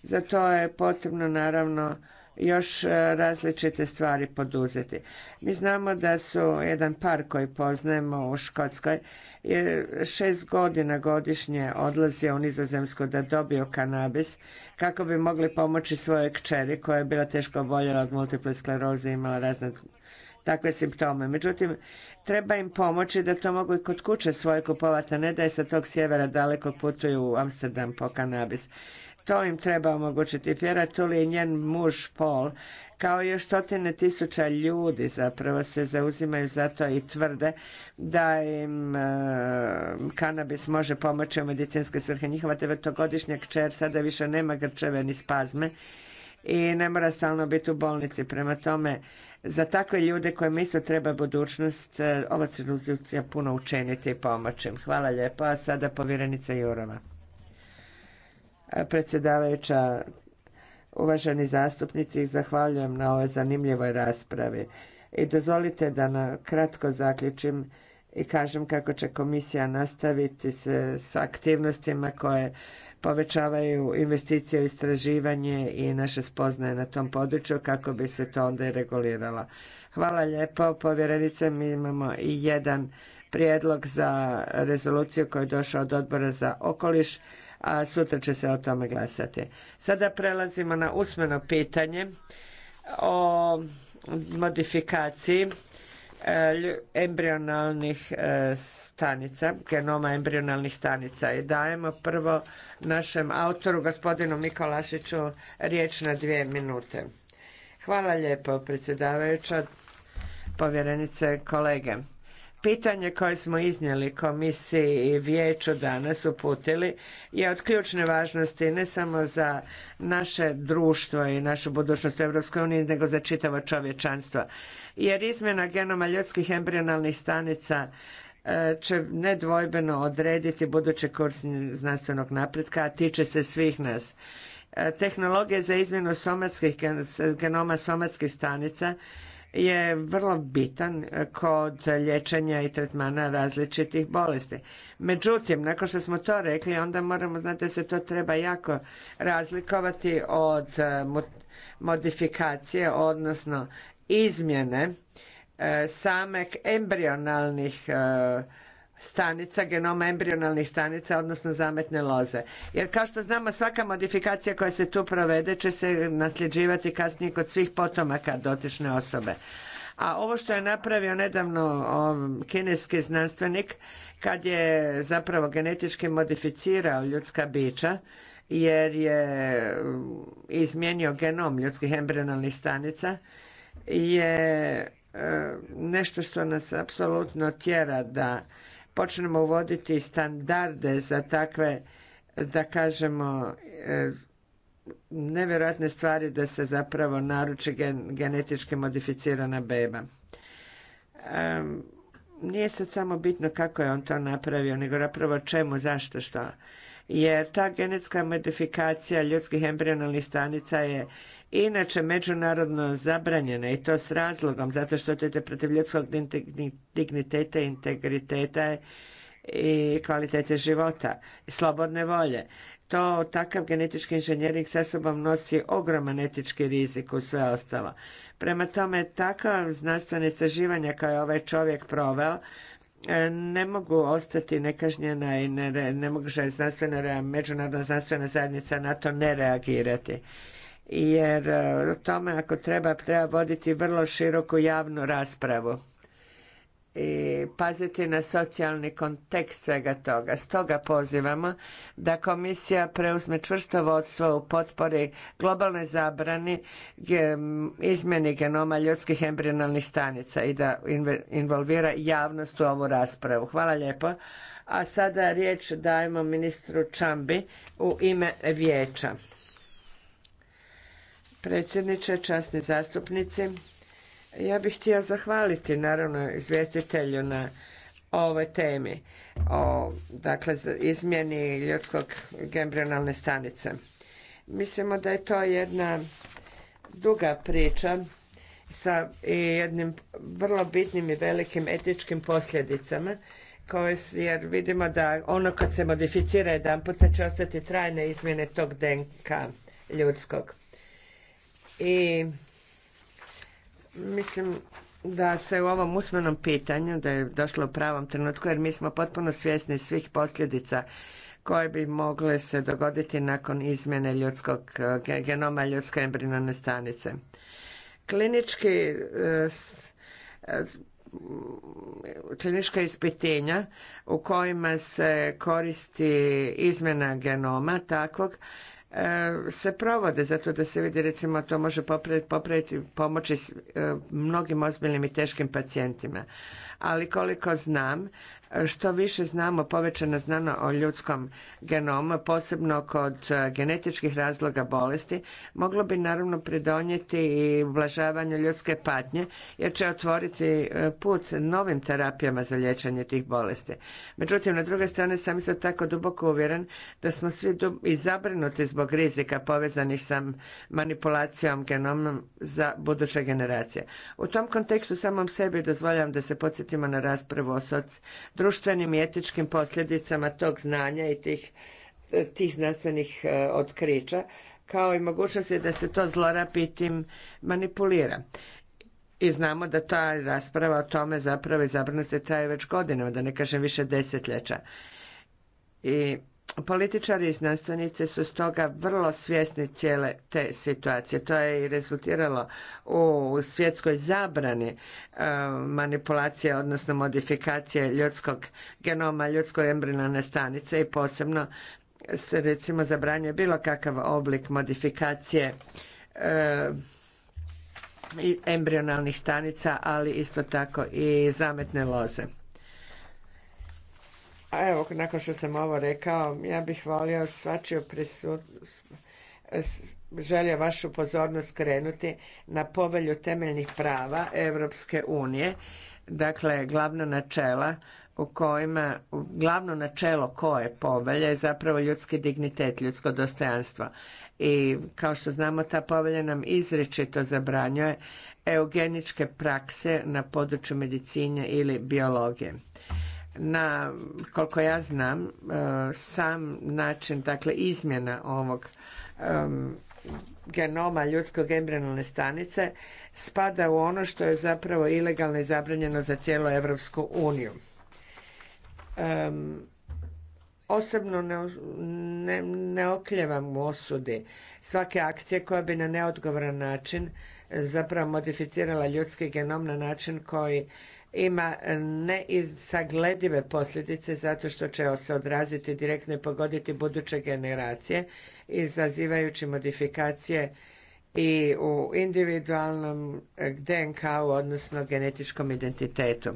za to je potrebno naravno još e, različite stvari poduzeti. Mi znamo da su jedan par koji poznajemo u Škotskoj je šest godina godišnje odlazio u Nizozemsku da dobio kanabis kako bi mogli pomoći svojoj kćeri koja je bila teško oboljela od multiple skleroze i imala razne takve simptome. Međutim, treba im pomoći da to mogu i kod kuće svoje kupovati, a ne da je sa tog sjevera daleko putuju u Amsterdam po kanabis. To im treba omogućiti. Fjera Tuli je njen muž Paul, kao i još stotine tisuća ljudi zapravo se zauzimaju za to i tvrde da im e, kanabis može pomoći u medicinske svrhe. Njihova devetogodišnja kćer sada više nema grčeve ni spazme i ne mora stalno biti u bolnici. Prema tome, za takve ljude koje isto treba budućnost, e, ova rezolucija puno učiniti i pomoći. Hvala lijepo. A sada povjerenica Jurova. E, predsjedavajuća, uvaženi zastupnici, zahvaljujem na ovoj zanimljivoj raspravi. I dozvolite da na kratko zaključim i kažem kako će komisija nastaviti sa s aktivnostima koje povećavaju investicije u istraživanje i naše spoznaje na tom području kako bi se to onda i reguliralo. Hvala lijepo, povjerenice, mi imamo i jedan prijedlog za rezoluciju koji je došao od odbora za okoliš, a sutra će se o tome glasati. Sada prelazimo na usmeno pitanje o modifikaciji eh, embrionalnih eh, stanica, genoma embrionalnih stanica i dajemo prvo našem autoru, gospodinu Mikolašiću, riječ na dvije minute. Hvala lijepo, predsjedavajuća, povjerenice, kolege. Pitanje koje smo iznijeli komisiji i vijeću danas uputili je od ključne važnosti ne samo za naše društvo i našu budućnost u EU, nego za čitavo čovječanstvo. Jer izmjena genoma ljudskih embrionalnih stanica će nedvojbeno odrediti buduće korisnje znanstvenog napretka, a tiče se svih nas. E, tehnologija za izmjenu somatskih, genoma somatskih stanica je vrlo bitan e, kod liječenja i tretmana različitih bolesti. Međutim, nakon što smo to rekli, onda moramo znati da se to treba jako razlikovati od e, modifikacije, odnosno izmjene E, samih embrionalnih e, stanica, genoma embrionalnih stanica, odnosno zametne loze. Jer kao što znamo, svaka modifikacija koja se tu provede će se nasljeđivati kasnije kod svih potomaka dotične osobe. A ovo što je napravio nedavno um, kineski znanstvenik, kad je zapravo genetički modificirao ljudska bića, jer je um, izmijenio genom ljudskih embrionalnih stanica, je nešto što nas apsolutno tjera da počnemo uvoditi standarde za takve, da kažemo, e, nevjerojatne stvari da se zapravo naruči genetički modificirana beba. Nije sad samo bitno kako je on to napravio, nego zapravo čemu, zašto, što. Jer ta genetska modifikacija ljudskih embrionalnih stanica je inače međunarodno zabranjena i to s razlogom zato što to ide protiv ljudskog digniteta i integriteta i kvalitete života, i slobodne volje. To takav genetički inženjering sa sobom nosi ogroman etički rizik u sve ostalo. Prema tome, takva znanstvena istraživanja koje je ovaj čovjek proveo e, ne mogu ostati nekažnjena i ne, ne može znanstvena, međunarodna znanstvena zajednica na to ne reagirati jer e, o tome ako treba, treba voditi vrlo široku javnu raspravu i paziti na socijalni kontekst svega toga. Stoga pozivamo da komisija preuzme čvrsto vodstvo u potpori globalne zabrani izmjeni genoma ljudskih embrionalnih stanica i da involvira javnost u ovu raspravu. Hvala lijepo. A sada riječ dajemo ministru Čambi u ime vijeća predsjedniče, časni zastupnici. Ja bih htio zahvaliti naravno izvjestitelju na ovoj temi o dakle, izmjeni ljudskog embrionalne stanice. Mislimo da je to jedna duga priča sa jednim vrlo bitnim i velikim etičkim posljedicama koje, jer vidimo da ono kad se modificira jedan puta će ostati trajne izmjene tog DNK ljudskog i mislim da se u ovom usmenom pitanju da je došlo u pravom trenutku jer mi smo potpuno svjesni svih posljedica koje bi mogle se dogoditi nakon izmjene ljudskog eh, genoma ljudske embrionalne stanice. Klinički eh, eh, klinička ispitenja u kojima se koristi izmjena genoma takvog E, se provode, zato da se vidi recimo to može popraviti, popraviti pomoći e, mnogim ozbiljnim i teškim pacijentima. Ali koliko znam, što više znamo, povećana znana o ljudskom genomu, posebno kod e, genetičkih razloga bolesti, moglo bi naravno pridonijeti i ublažavanju ljudske patnje, jer će otvoriti e, put novim terapijama za liječenje tih bolesti. Međutim, na druge strane sam isto tako duboko uvjeren da smo svi i zabrinuti zbog rizika povezanih sa manipulacijom genomom za buduće generacije. U tom kontekstu samom sebi dozvoljam da se podsjetimo na raspravu o društvenim i etičkim posljedicama tog znanja i tih, tih znanstvenih e, otkrića, kao i mogućnosti da se to zlorabi manipulira. I znamo da ta rasprava o tome zapravo i se traje već godinama, da ne kažem više desetljeća. I Političari i znanstvenice su stoga vrlo svjesni cijele te situacije. To je i rezultiralo u svjetskoj zabrani e, manipulacije, odnosno modifikacije ljudskog genoma, ljudsko-embrionalne stanice i posebno se recimo zabranje bilo kakav oblik modifikacije e, embrionalnih stanica, ali isto tako i zametne loze. A evo, nakon što sam ovo rekao, ja bih volio svačiju prisutnost, želio vašu pozornost skrenuti na povelju temeljnih prava Europske unije, dakle glavna načela u kojima, glavno načelo koje povelje je zapravo ljudski dignitet, ljudsko dostojanstvo. I kao što znamo, ta povelja nam izričito zabranjuje eugeničke prakse na području medicine ili biologije na, koliko ja znam, e, sam način, dakle izmjena ovog genoma ljudskog embrionalne stanice spada u ono što je zapravo ilegalno i zabranjeno za cijelu europsku uniju. osobno ne, ne, ne okljevam u osudi svake akcije koja bi na neodgovoran način zapravo modificirala ljudski genom na način koji ima neizagledive posljedice zato što će se odraziti direktno i pogoditi buduće generacije izazivajući modifikacije i u individualnom DNK-u, odnosno genetičkom identitetu.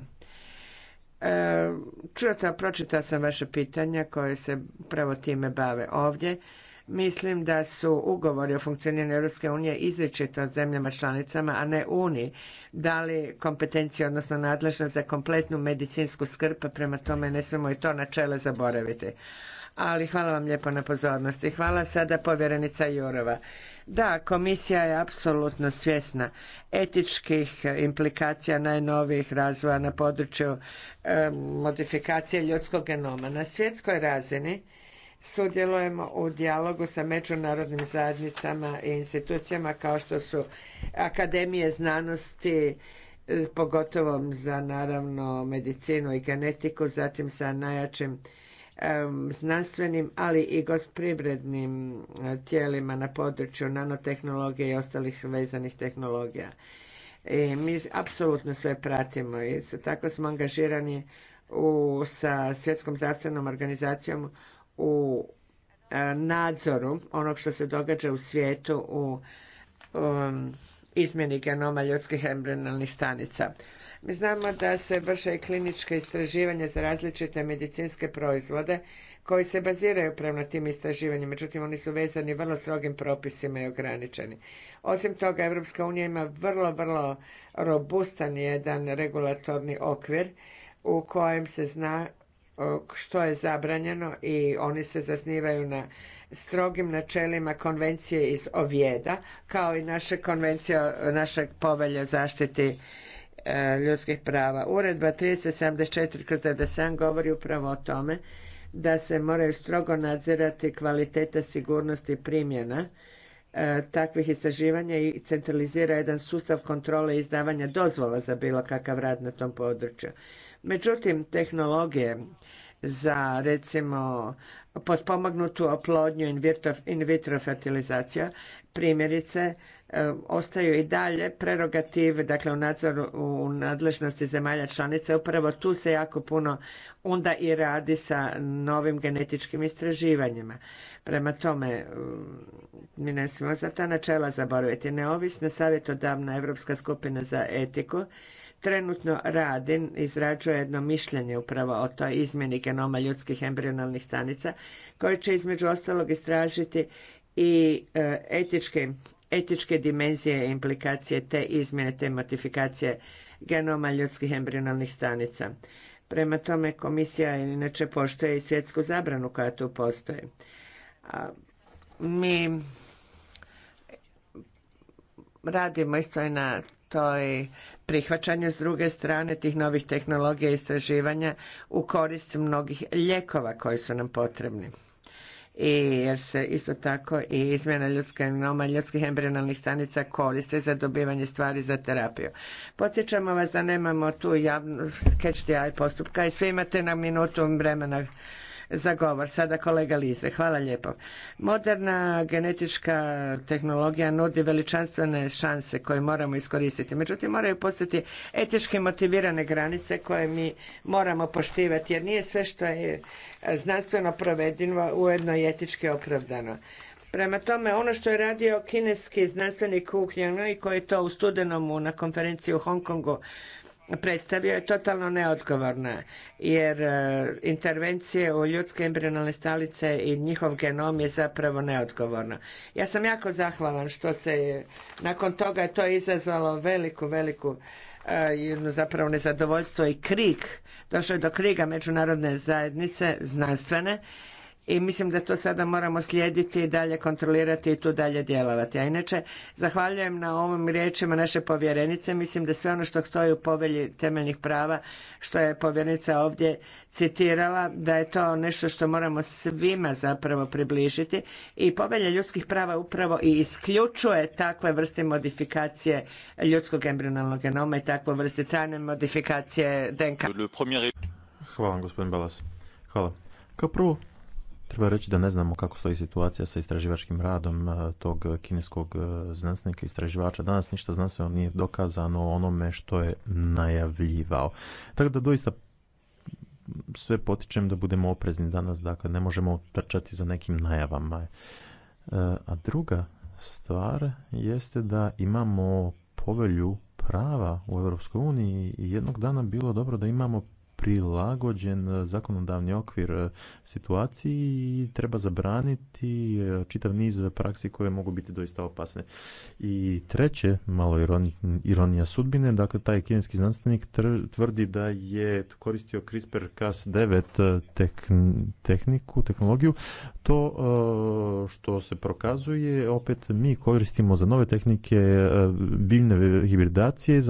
E, čuta, pročitao sam vaše pitanja koje se pravo time bave ovdje Mislim da su ugovori o funkcioniranju Europske unije izričito zemljama članicama, a ne Uniji, dali kompetencije, odnosno nadležnost za kompletnu medicinsku skrb, prema tome ne smemo i to načelo zaboraviti. Ali hvala vam lijepo na pozornosti. Hvala sada povjerenica Jurova. Da, komisija je apsolutno svjesna etičkih implikacija najnovijih razvoja na području modifikacije ljudskog genoma. Na svjetskoj razini sudjelujemo u dijalogu sa međunarodnim zajednicama i institucijama kao što su akademije znanosti, eh, pogotovo za naravno medicinu i genetiku, zatim sa najjačim znanstvenim, ali i privrednim eh, tijelima na području nanotehnologije i ostalih vezanih tehnologija. mi apsolutno sve pratimo i tako smo angažirani u, sa Svjetskom zdravstvenom organizacijom u e, nadzoru onog što se događa u svijetu u izmjeni genoma ljudskih embrionalnih stanica. Mi znamo da se vrše i kliničke istraživanja za različite medicinske proizvode koji se baziraju prema na tim istraživanjima, međutim oni su vezani vrlo strogim propisima i ograničeni. Osim toga, Europska unija ima vrlo, vrlo robustan jedan regulatorni okvir u kojem se zna što je zabranjeno i oni se zasnivaju na strogim načelima konvencije iz Ovijeda, kao i naše konvencija, naša povelja zaštiti e, ljudskih prava. Uredba 3074 kroz 97 govori upravo o tome da se moraju strogo nadzirati kvaliteta sigurnosti primjena e, takvih istraživanja i centralizira jedan sustav kontrole izdavanja dozvola za bilo kakav rad na tom području. Međutim, tehnologije za recimo potpomognutu oplodnju in vitro fertilizacija primjerice e, ostaju i dalje prerogative, dakle u nadzoru u nadležnosti zemalja članica. Upravo tu se jako puno onda i radi sa novim genetičkim istraživanjima. Prema tome, mm, mi ne smijemo za ta načela zaboraviti. Neovisna savjetodavna Europska skupina za etiku trenutno radi, izrađuje jedno mišljenje upravo o toj izmjeni genoma ljudskih embrionalnih stanica, koje će između ostalog istražiti i e, etičke, etičke dimenzije i implikacije te izmjene, te modifikacije genoma ljudskih embrionalnih stanica. Prema tome, komisija inače poštuje i svjetsku zabranu koja tu postoji. mi radimo isto i na toj prihvaćanje s druge strane tih novih tehnologija i istraživanja u korist mnogih lijekova koji su nam potrebni. I jer se isto tako i izmjena ljudske genoma ljudskih embrionalnih stanica koriste za dobivanje stvari za terapiju. Podsjećamo vas da nemamo tu javno catch the eye postupka i svi imate na minutu vremena za govor. Sada kolega Lise, Hvala lijepo. Moderna genetička tehnologija nudi veličanstvene šanse koje moramo iskoristiti. Međutim, moraju postati etički motivirane granice koje mi moramo poštivati jer nije sve što je znanstveno provedivo ujedno i etički opravdano. Prema tome, ono što je radio kineski znanstvenik Hu i koji je to u studenom na konferenciji u Hongkongu, predstavio je totalno neodgovorna jer e, intervencije u ljudske embrionalne stalice i njihov genom je zapravo neodgovorna. Ja sam jako zahvalan što se nakon toga je to izazvalo veliku, veliku e, zapravo nezadovoljstvo i krik. Došlo je do kriga međunarodne zajednice znanstvene i mislim da to sada moramo slijediti i dalje kontrolirati i tu dalje djelovati. A inače, zahvaljujem na ovim riječima naše povjerenice. Mislim da sve ono što stoji u povelji temeljnih prava, što je povjerenica ovdje citirala, da je to nešto što moramo svima zapravo približiti. I povelja ljudskih prava upravo i isključuje takve vrste modifikacije ljudskog embrionalnog genoma i takve vrste trajne modifikacije DNK. Hvala gospodin Balas. Hvala. Kao prvo, Treba reći da ne znamo kako stoji situacija sa istraživačkim radom e, tog kineskog e, znanstvenika istraživača. Danas ništa znanstveno nije dokazano onome što je najavljivao. Tako da doista sve potičem da budemo oprezni danas, dakle ne možemo trčati za nekim najavama. E, a druga stvar jeste da imamo povelju prava u Europskoj uniji i jednog dana bilo dobro da imamo prilagođen e, zakonodavni okvir e, situaciji i treba zabraniti e, čitav niz praksi koje mogu biti doista opasne. I treće, malo ironija sudbine, dakle taj kineski znanstvenik tvrdi da je koristio CRISPR-Cas9 tehniku, tehnologiju. To što se prokazuje, opet mi koristimo za nove tehnike biljne hibridacije,